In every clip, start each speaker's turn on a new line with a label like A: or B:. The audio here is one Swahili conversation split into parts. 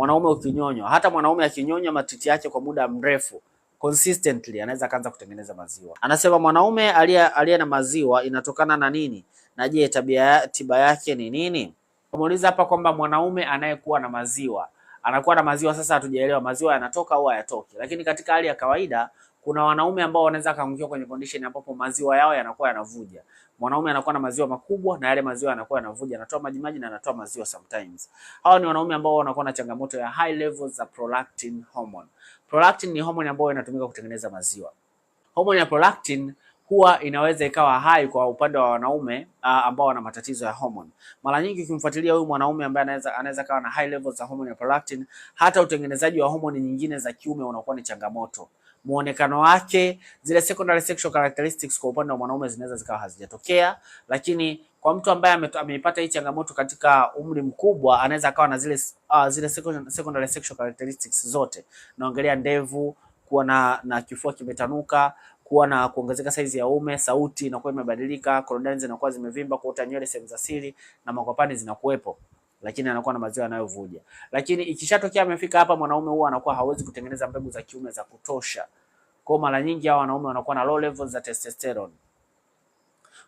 A: mwanaume ukinyonywa, hata mwanaume akinyonywa matiti yake kwa muda mrefu consistently anaweza akaanza kutengeneza maziwa. Anasema mwanaume aliye na maziwa inatokana na nini, na je tabia tiba yake ni nini? Ameuliza hapa kwamba mwanaume anayekuwa na maziwa anakuwa na maziwa. Sasa hatujaelewa maziwa yanatoka au hayatoki, lakini katika hali ya kawaida kuna wanaume ambao wanaweza kaangukia kwenye condition ambapo maziwa yao yanakuwa yanavuja. Mwanaume anakuwa na maziwa makubwa na yale maziwa yanakuwa yanavuja, anatoa maji maji na anatoa maziwa sometimes. Hao ni wanaume ambao wanakuwa na changamoto ya high levels za prolactin hormone. Prolactin ni hormone ambayo inatumika kutengeneza maziwa. Hormone ya prolactin huwa inaweza ikawa hai kwa upande wa wanaume ah, ambao wana matatizo ya hormone. Mara nyingi ukimfuatilia huyu mwanaume ambaye anaweza anaweza kawa na high levels za hormone ya prolactin, hata utengenezaji wa hormone nyingine za kiume unakuwa ni changamoto. Muonekano wake, zile secondary sexual characteristics kwa upande wa mwanaume zinaweza zikawa hazijatokea, lakini kwa mtu ambaye ameipata hii changamoto katika umri mkubwa anaweza akawa na zile, uh, zile secondary sexual characteristics zote, naongelea ndevu kuwa na, na kifua kimetanuka, kuwa na kuongezeka saizi ya ume, sauti inakuwa imebadilika, korodani zinakuwa zimevimba, kuota nywele sehemu za siri na makwapani zinakuwepo lakini anakuwa na maziwa yanayovuja. Lakini ikishatokea amefika hapa, mwanaume huwa anakuwa hawezi kutengeneza mbegu za kiume za kutosha. Kwa mara nyingi hao wanaume wanakuwa na low levels za testosterone.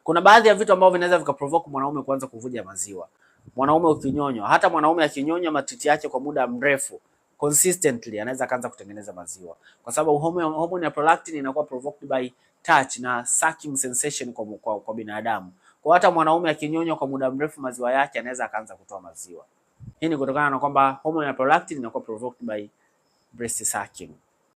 A: Kuna baadhi ya vitu ambavyo vinaweza vikaprovoke mwanaume kuanza kuvuja maziwa. Mwanaume ukinyonywa, hata mwanaume akinyonywa matiti yake kwa muda mrefu consistently, anaweza kaanza kutengeneza maziwa, kwa sababu hormone ya prolactin inakuwa provoked by touch na sucking sensation kwa, kwa, kwa binadamu. Kwa hata mwanaume akinyonywa kwa muda mrefu maziwa yake anaweza akaanza kutoa maziwa. Hii ni kutokana na kwamba hormone ya prolactin inakuwa provoked by breast sucking.